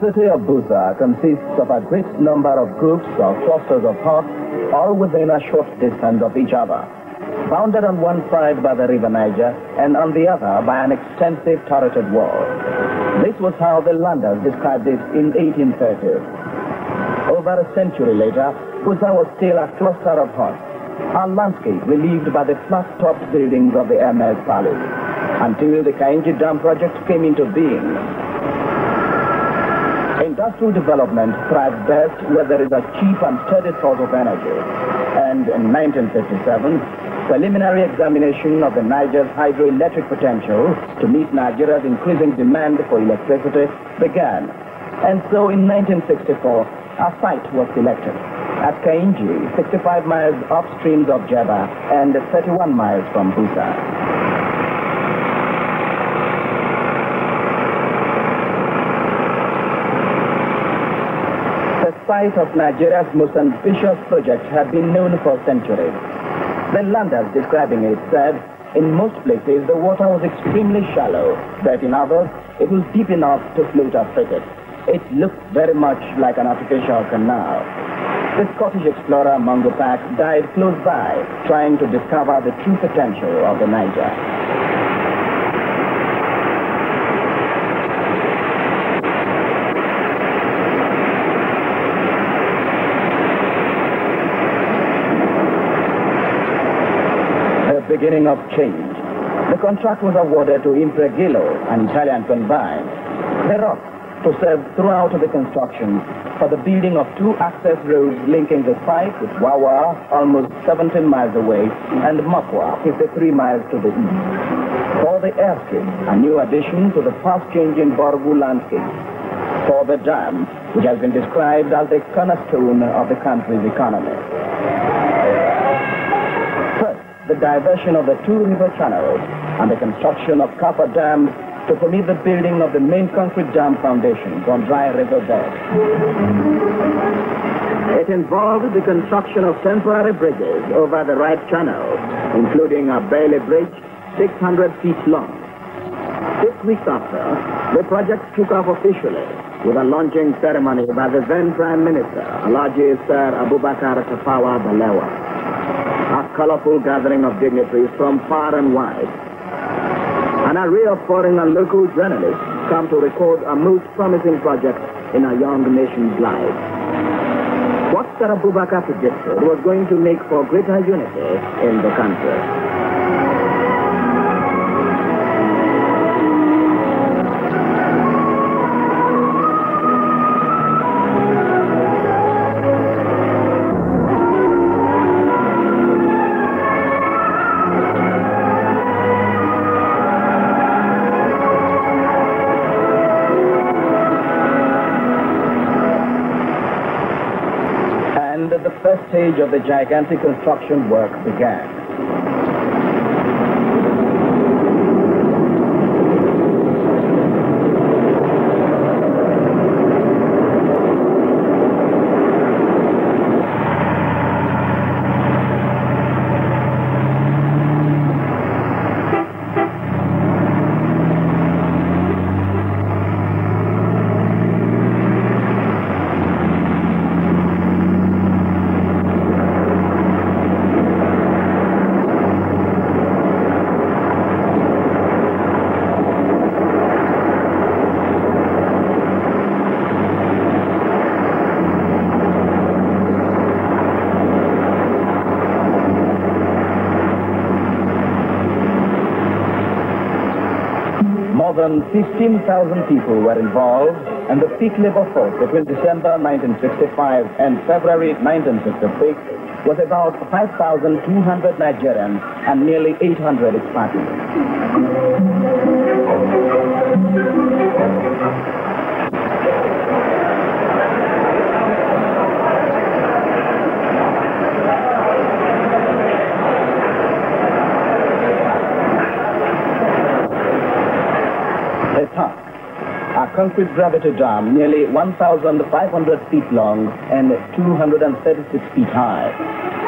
city of Busa consists of a great number of groups or clusters of huts, all within a short distance of each other. Bounded on one side by the river Niger and on the other by an extensive turreted wall. This was how the Landers described it in 1830. Over a century later, Busa was still a cluster of huts, a landscape relieved by the flat-topped buildings of the Hermes Palace, until the Kainji Dam project came into being Industrial development thrives best where there is a cheap and steady source of energy. And in 1957, preliminary examination of the Niger's hydroelectric potential to meet Nigeria's increasing demand for electricity began. And so in 1964, a site was selected at Kainji, 65 miles upstream of Jaba, and 31 miles from Busa. site of Nigeria's most ambitious project had been known for centuries. The landers describing it said, in most places the water was extremely shallow, but in others it was deep enough to float a frigate. It looked very much like an artificial canal. The Scottish explorer Mungo Pack died close by, trying to discover the true potential of the Niger. beginning of change. The contract was awarded to Impregilo, an Italian combine. The rock to serve throughout the construction for the building of two access roads linking the site with Wawa, almost 17 miles away, and Mapua, 53 miles to the east. For the airstrip, a new addition to the fast-changing Borgu landscape. For the dam, which has been described as the cornerstone of the country's economy the diversion of the two river channels and the construction of copper dams to permit the building of the main concrete dam foundations on dry river bed. It involved the construction of temporary bridges over the right channel, including a Bailey Bridge 600 feet long. Six weeks after, the project took off officially with a launching ceremony by the then Prime Minister, Alaji Sir Abubakar Tafawa Balewa a colorful gathering of dignitaries from far and wide. An array of foreign and local journalists come to record a most promising project in a young nation's life. What Sarah Bubaka predicted was going to make for greater unity in the country. of the gigantic construction work began. than 15,000 people were involved, and the peak Picle force between December 1965 and February 1966 was about 5,200 Nigerians and nearly 800 Expatriates. concrete gravity dam nearly 1,500 feet long and 236 feet high.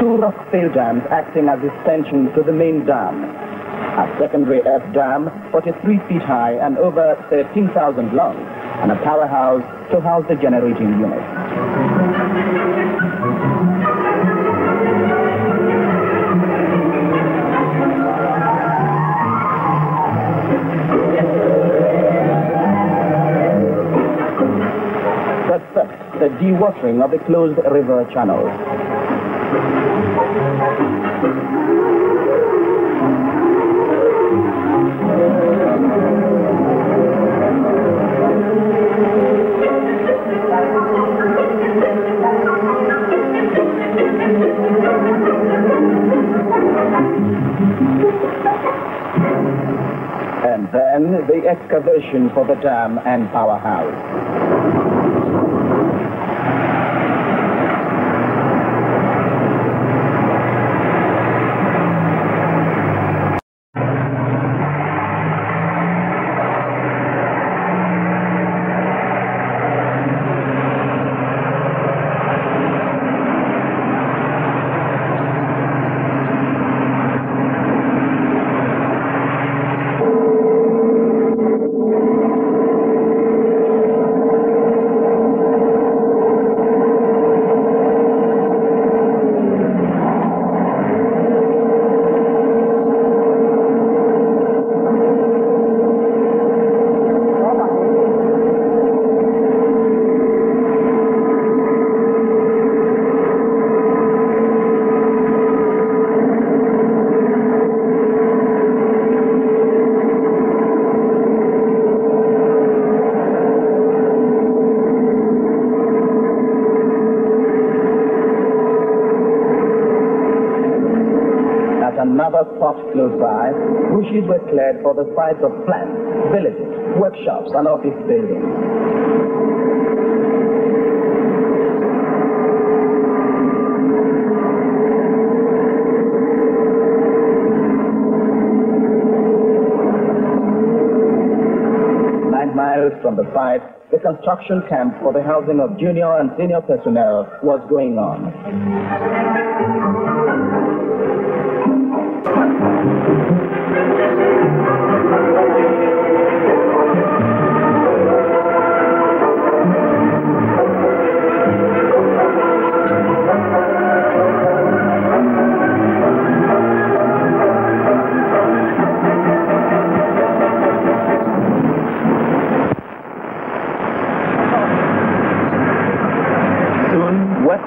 Two rock fail dams acting as extensions to the main dam. A secondary earth dam, 43 feet high and over 13,000 long, and a powerhouse to house the generating unit. the dewatering of the closed river channels. And then the excavation for the dam and powerhouse. shops close by, bushes were cleared for the sites of plants, villages, workshops, and office buildings. Nine miles from the site, the construction camp for the housing of junior and senior personnel was going on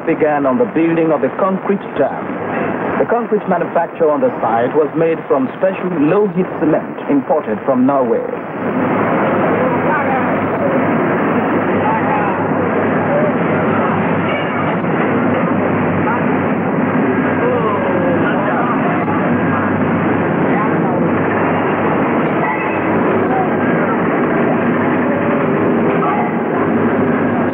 began on the building of the concrete dam the concrete manufacture on the site was made from special low-heat cement imported from Norway.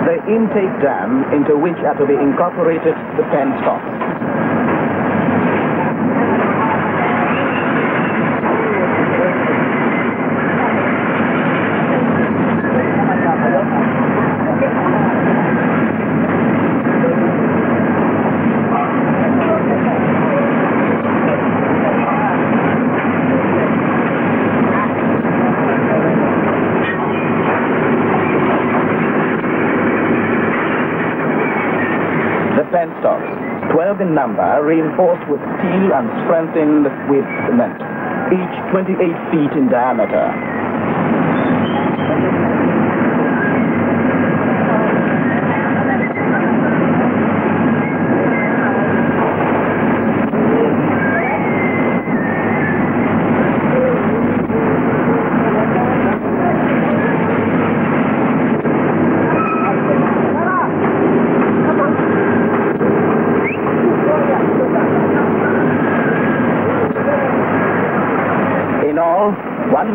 The intake dam into which are to be incorporated the penstocks. 12 in number, reinforced with steel and strengthened with cement, each 28 feet in diameter.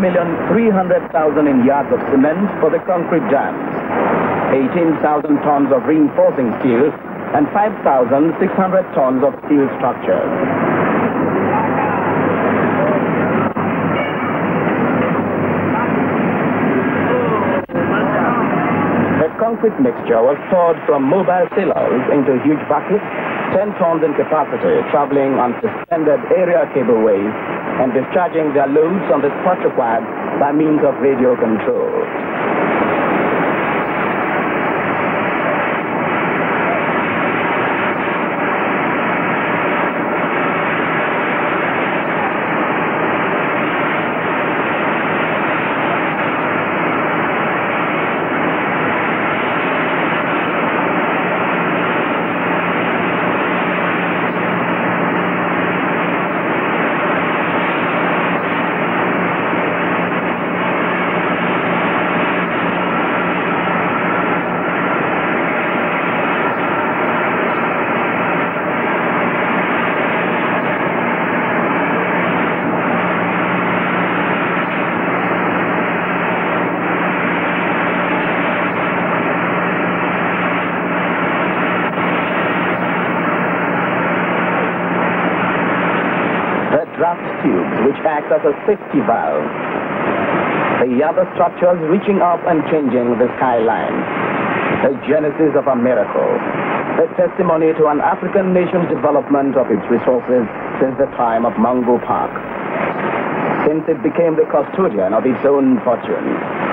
1,300,000 in yards of cement for the concrete dams, 18,000 tons of reinforcing steel, and 5,600 tons of steel structure. The concrete mixture was poured from mobile silos into huge buckets, 10 tons in capacity, traveling on suspended area cableways and discharging their loads on this quadruped by means of radio control. as a safety valve. The other structures reaching up and changing the skyline. The genesis of a miracle. The testimony to an African nation's development of its resources since the time of Mungo Park. Since it became the custodian of its own fortune.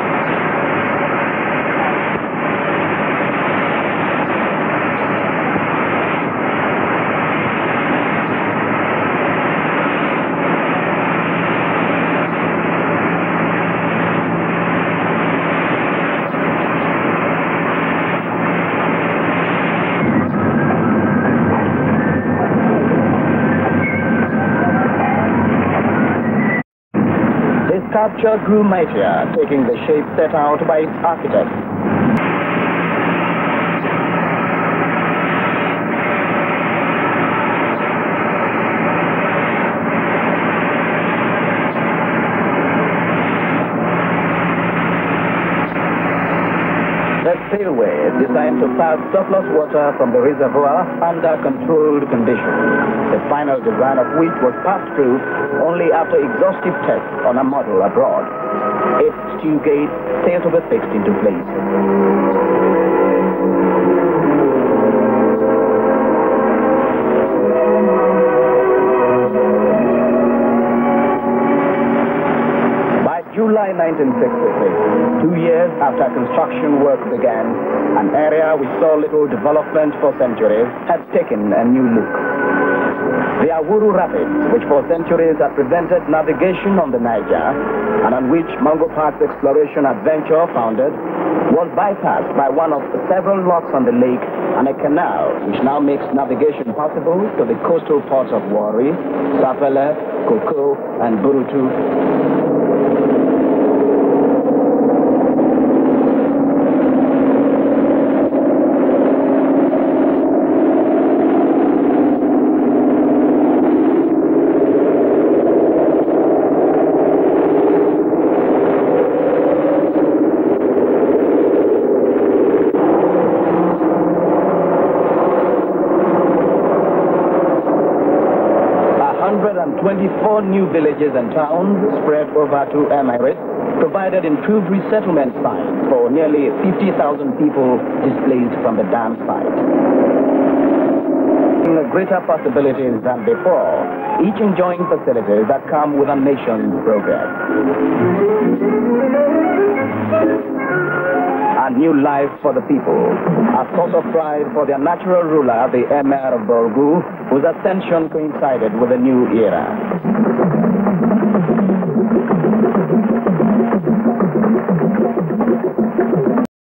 structure grew mightier, taking the shape set out by its architect. designed to pass surplus water from the reservoir under controlled conditions, the final design of which was passed through only after exhaustive tests on a model abroad. Its steel gate still to be fixed into place. 1963. Two years after construction work began, an area we saw little development for centuries had taken a new look. The Awuru Rapids, which for centuries had prevented navigation on the Niger, and on which Mungo Park's exploration adventure founded, was bypassed by one of several locks on the lake and a canal which now makes navigation possible to the coastal ports of Wari, Sapele, Koko, and Burutu. Four new villages and towns spread over to Amiris provided improved resettlement sites for nearly 50,000 people displaced from the dam site. Greater possibilities than before, each enjoying facilities that come with a nation's progress and new life for the people. A source of pride for their natural ruler, the Emir of Borgu, whose ascension coincided with a new era.